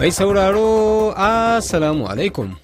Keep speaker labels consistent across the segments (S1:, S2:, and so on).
S1: Mai sauraro, Assalamu alaikum.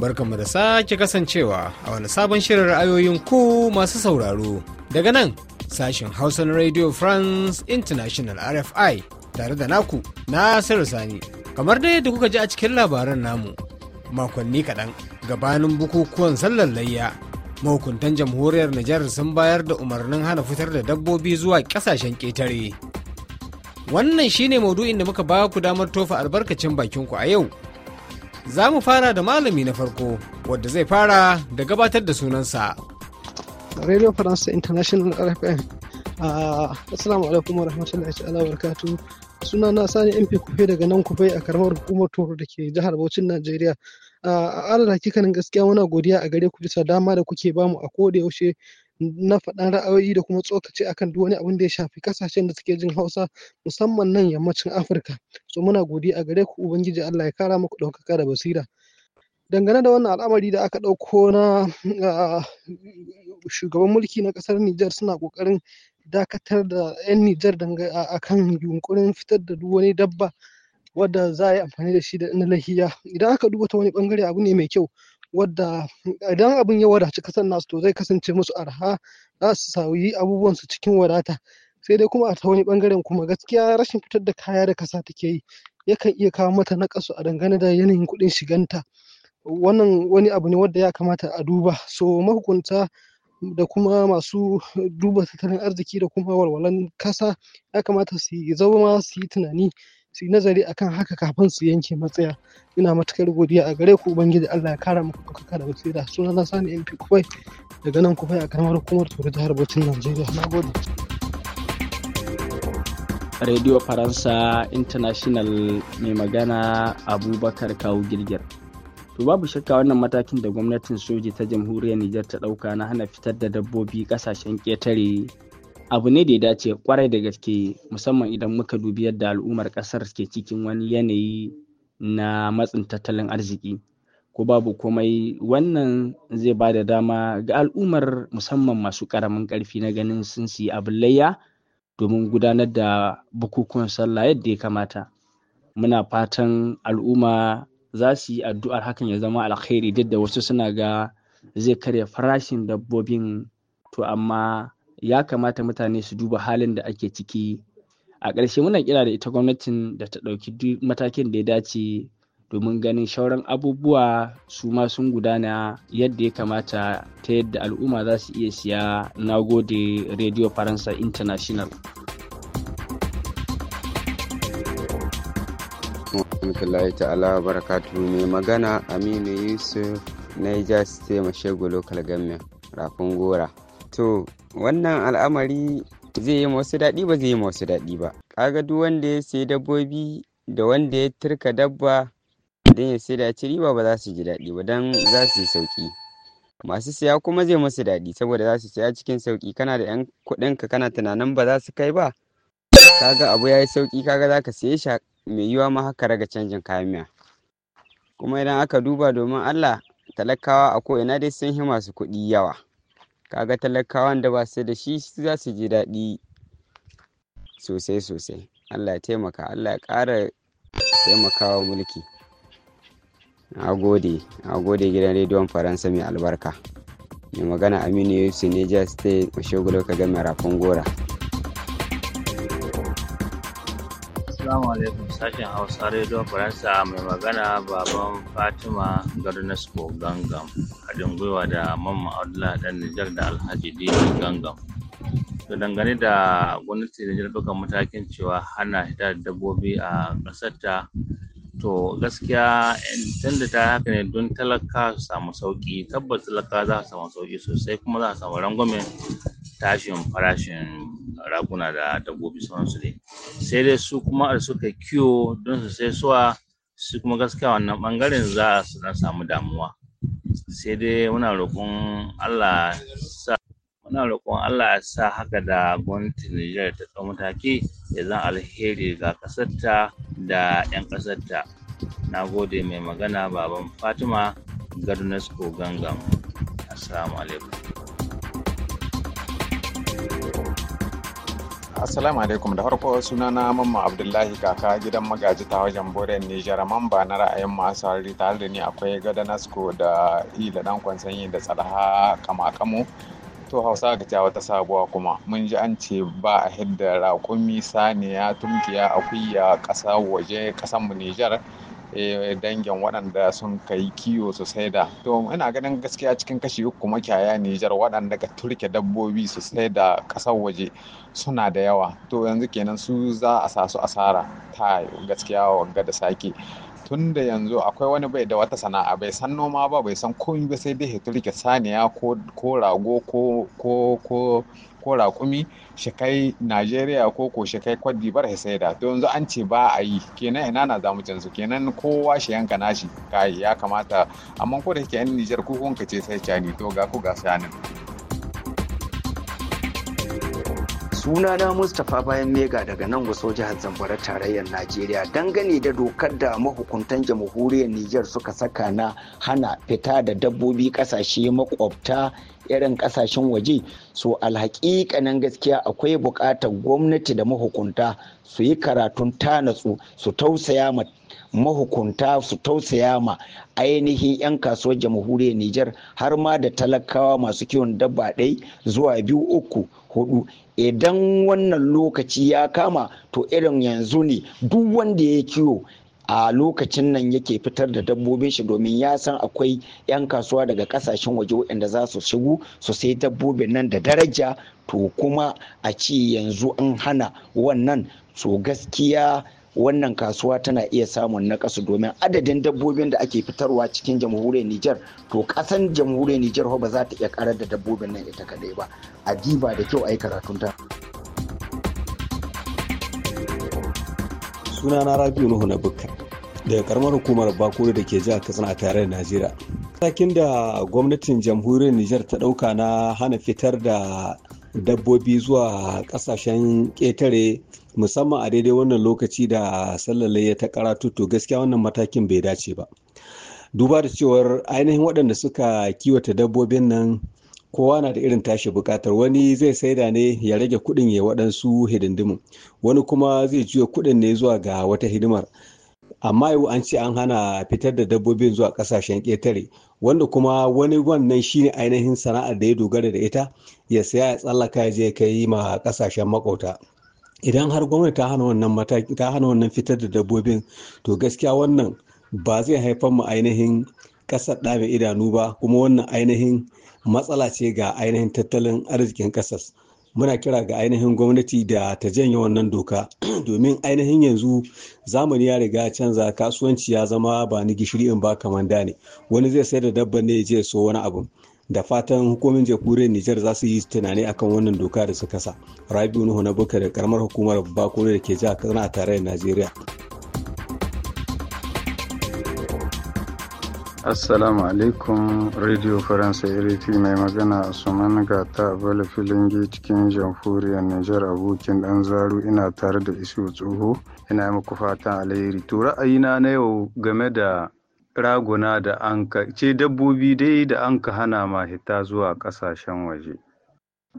S1: Barkanmu da sake kasancewa a wani sabon shirin ra'ayoyin ku masu sauraro. Daga nan, sashen hausan na Radio France International RFI tare da naku na Sani. Kamar dai da kuka ji a cikin labaran namu, makonni kaɗan gabanin bukukuwan sallar layya mahukuntan jamhuriyar Nijar sun bayar da umarnin hana fitar da dabbobi zuwa ƙasashen ƙetare. Wannan shine maudu'in da muka ba ku damar tofa albarkacin bakinku a yau. Za mu fara da malami na farko wadda zai fara da gabatar da sunansa.
S2: Radio France International RFM. Assalamu alaikum wa rahmatullahi ta'ala wa Suna na sani MP kufe daga nan kufe a karamar hukumar Toro da ke jihar Bauchin Najeriya. A alal hakikanin gaskiya muna godiya a gare ku bisa dama da kuke bamu a koda yaushe na faɗan ra'ayoyi da kuma tsokaci akan duk wani abin ya shafi kasashen da suke jin Hausa musamman nan yammacin Afirka. So muna godiya a gare ku Ubangiji Allah ya kara muku ɗaukaka da basira. Dangane da wannan al'amari da aka ɗauko na ah, shugaban mulki na ƙasar Nijar suna ƙoƙarin dakatar da 'yan Nijar akan yunkurin fitar da duk wani dabba wadda za a yi amfani da shi da na lahiya. Idan aka duba ta wani bangare abu ne mai kyau wadda idan abin ya wadaci kasan nasu to zai kasance musu arha za su sayi abubuwan su cikin wadata sai dai kuma a ta wani bangaren kuma gaskiya rashin fitar da kaya da kasa take yi yakan iya kawo mata nakasu a dangane da yanayin kuɗin shiganta wannan wani abu ne wanda ya kamata a duba so mahukunta da kuma masu duba tattalin arziki da kuma walwalan kasa ya kamata su yi zama su yi tunani su yi nazari akan haka kafin su yanke matsaya ina matukar godiya a gare ku ubangiji Allah ya kara muku kuka da basira suna na sani mp kufai daga nan kufai a karamar hukumar turu ta bauchin najeriya na gode
S3: radio faransa international mai magana abubakar kawo girgir to babu shakka wannan matakin da gwamnatin soji ta jamhuriyar nijar ta ɗauka na hana fitar da dabbobi kasashen ƙetare abu ne da ya dace kwarai da gaske musamman idan muka dubi yadda al'ummar ƙasar ke cikin wani yanayi na matsin tattalin arziki ko babu komai wannan zai ba da dama ga al'ummar musamman masu karamin karfi na ganin sun siyi abu layya domin gudanar da bukukuwan sallah yadda ya kamata muna fatan al'umma za su yi addu'ar hakan ya zama alkhairi duk da wasu suna ga zai karya farashin dabbobin to amma ya kamata mutane su duba halin da ake ciki a ƙarshe muna kira da ita gwamnatin da ta ɗauki matakin da ya dace domin ganin shauran abubuwa su ma sun gudana yadda ya kamata ta yadda al'umma za su iya siya nagode gode radio faransa international
S4: rahmatullahi ta'ala barakatu mai magana aminu yusuf niger state mashego local government rafin gora to wannan al'amari zai yi masu daɗi ba zai yi masu daɗi ba kaga duk wanda ya sayi dabbobi da wanda ya turka dabba don ya sayi da ci riba ba za su ji daɗi ba don za su yi sauƙi masu siya kuma zai masu daɗi saboda za su siya cikin sauƙi kana da 'yan kuɗin ka kana tunanin ba za su kai ba kaga abu ya yi sauƙi kaga za ka siye shi mai yiwa ma haka raga canjin kayan miya kuma idan aka duba domin allah talakawa a ko ina dai sun yi masu kuɗi yawa kaga talakawan da ba su da shi za su ji daɗi sosai sosai allah ya taimaka allah ya ƙara taimakawa mulki na gode gidan rediyon faransa mai albarka mai magana aminu yusuf niger state mashogulo ka ga rafin gora
S3: Assalamu alaikum sashen Hausa Radio Faransa mai magana baban Fatima Garnesco Gangam haɗin gwiwa da Mamman Abdullah ɗan Nijar da Alhaji Dini Gangam. To dangane da gwamnati Nijar ɗaukar matakin cewa hana da dabbobi a ƙasarta to gaskiya tunda ta haka ne don talaka su samu sauki tabbas talaka za su samu sauƙi sosai kuma za su samu rangwamen tashin farashin raguna da dabbobi sauransu dai sai dai su kuma da suka kiwo don su sai suwa su kuma gaskiya wannan bangaren za su dan samu damuwa sai dai muna roƙon Allah sa muna roƙon Allah ya sa haka da gwamnatin Nijar ta ɗau mataki ya zan alheri ga ƙasarta da 'yan ƙasarta. Na gode mai magana
S5: baban Fatima Garnesco Gangam. Assalamu alaikum. Assalamu alaikum da farko suna na mamma Abdullahi kaka gidan magaji ta wajen Boren Nijar mamba na ra'ayin masu hari tare da ni akwai gada nasko da ila dan kwansanyi da tsalaha kamakamu to hausa ga ta wata sabuwa kuma mun ji an ce ba a hidda raƙumi saniya tumkiya akuya ƙasa waje ƙasanmu Nijar. Eh, dangin waɗanda sun kai kiwo su da. to ina ganin gaskiya cikin kashi uku makiyaya Nijar waɗanda ka turke dabbobi su saida ƙasar waje suna da yawa to yanzu kenan su za a sa su asara ta gaskiya wanga da sake tun da yanzu akwai wani bai da wata sana'a bai san noma ba bai san komi ba sai dai ya turke saniya ko rago ko ko ko raƙumi shi kai najeriya ko ko shi kai cote d'ivoire saida to yanzu an ce ba a yi kenan ina na zamu canzu kenan kowa shi yanka nashi kai ya kamata amma ko da yake yan nijar ku kun ce sai cani to ga ku ga sanin
S6: sunana mustapha bayan mega daga nan wasu jihar zamfara tarayyar najeriya dangane da dokar da mahukuntan jamhuriyar niger suka saka na hana fita da dabbobi kasashe makwabta irin kasashen waje so alhaƙiƙanin gaskiya akwai bukatar gwamnati da mahukunta su yi karatun tanatsu su tausaya ma mahukunta su tausaya ma ainihin 'yan kasuwar jamhuriyar Nijar har ma da talakawa masu kiwon dabba ɗai zuwa biyu uku hudu idan wannan lokaci ya kama to irin yanzu ne duk wanda ya kiwo a lokacin nan yake fitar da dabbobin shi domin ya san akwai 'yan kasuwa daga kasashen waje waɗanda za su shigo su sai dabbobin nan da daraja to kuma a ci yanzu an hana wannan so gaskiya wannan kasuwa tana iya samun na nakasu domin adadin dabbobin da ake fitarwa cikin jamhuriyar Nijar to kasan jamhuriyar Nijar ba za ta iya karar da dabbobin nan ita kadai ba a diba da kyau a yi karatun ta.
S7: suna na rabiu nuhu na bukka daga karamar hukumar bakuri da ke jihar katsina a da najeriya matakin da gwamnatin jamhuriyar nijar ta dauka na hana fitar da dabbobi zuwa kasashen ketare musamman a daidai wannan lokaci da ya ta karatutu gaskiya wannan matakin bai dace ba duba da cewar ainihin waɗanda suka kiwata dabbobin nan kowa na da irin tashi bukatar wani zai saida ne ya rage kuɗin ya waɗansu hidindimin wani kuma zai juya kuɗin ne zuwa ga wata hidimar amma yau an ce an hana fitar da dabbobin zuwa kasashen ƙetare wanda kuma wani wannan shine ainihin sana'ar da ya dogara da ita ya saya ya tsallaka ya je kai ma kasashen makauta idan har gwamnati ta hana wannan mataki ta hana wannan fitar da dabbobin to gaskiya wannan ba zai haifar mu ainihin ƙasar ɗabe idanu ba kuma wannan ainihin matsala ce ga ainihin tattalin arzikin ƙasar muna kira ga ainihin gwamnati da ta janye wannan doka domin ainihin yanzu zamani ya riga canza kasuwanci ya zama ba ni gishiri in ba kaman da ne wani zai sayar da dabba ne je so wani abu da fatan hukumin jamhuriyar Nijar za su yi tunani akan wannan doka da suka sa Rabiu Nuhu na Bukka da karamar hukumar Bakure da ke jihar
S8: Kaduna a tarayyar Najeriya. assalamu alaikum radio faransa RT mai magana suman gata bala filingi cikin jamhuriyar nijar abokin dan zaru ina tare da isu tsoho ina yi muku fata alheri to ra'ayina na yau game da raguna da an ka ce dabbobi dai da an ka hana ma hita zuwa kasashen waje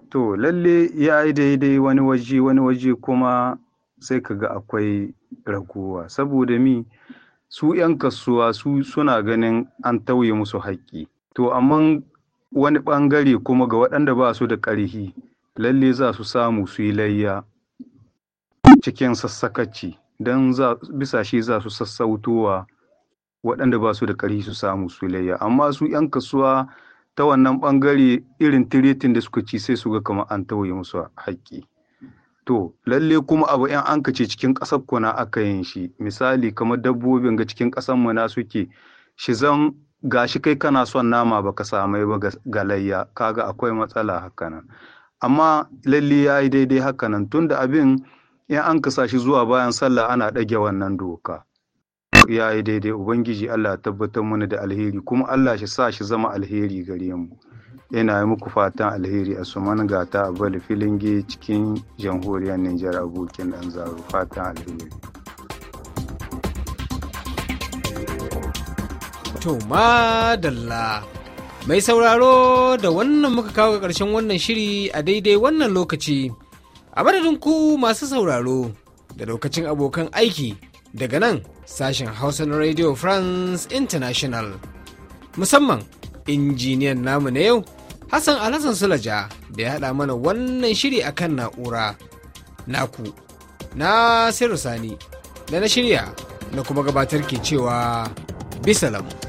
S8: to lalle ya yi daidai wani waje wani waje kuma sai kaga akwai raguwa saboda mi su 'yan kasuwa su suna ganin an tauye musu haƙƙi to amma wani ɓangare kuma ga waɗanda ba su da ƙarfi lalle za su samu su yi layya cikin sassakaci don bisa shi za su sassautowa waɗanda ba su da ƙarfi su samu su yi layya amma su 'yan kasuwa ta wannan ɓangare irin tiretin da suka ci sai su ga kamar an tauye musu haƙƙi To, lalle kuma abu ‘yan an ce cikin ƙasar kuna na aka yin shi, misali kamar dabbobin ga cikin ƙasar mu na suke, shi zan gashi kai kana son nama baka samai ba ga layya, kaga akwai matsala hakanan. Amma lalle ya yi daidai hakanan tunda abin ‘yan an kasa shi zuwa bayan sallah ana ɗage wannan doka. Ya yi daidai Ubangiji Allah ya tabbatar mana da alheri kuma Allah shi sa shi zama alheri gare mu. yana yi muku fatan alheri a suman gata a filin filinge cikin jamhuriyar Nijar abokin dan zaro fatan alheri.
S1: To madalla mai sauraro da wannan muka kawo ga ƙarshen wannan shiri a daidai wannan lokaci a madadin ku masu sauraro da lokacin abokan aiki daga nan sashen hausa na radio france international musamman injiniyan namu na yau Hassan Alhassan Sulaja da ya haɗa mana wannan shiri a kan na'ura naku na Sani da na shirya na kuma gabatar ke cewa bisalamu.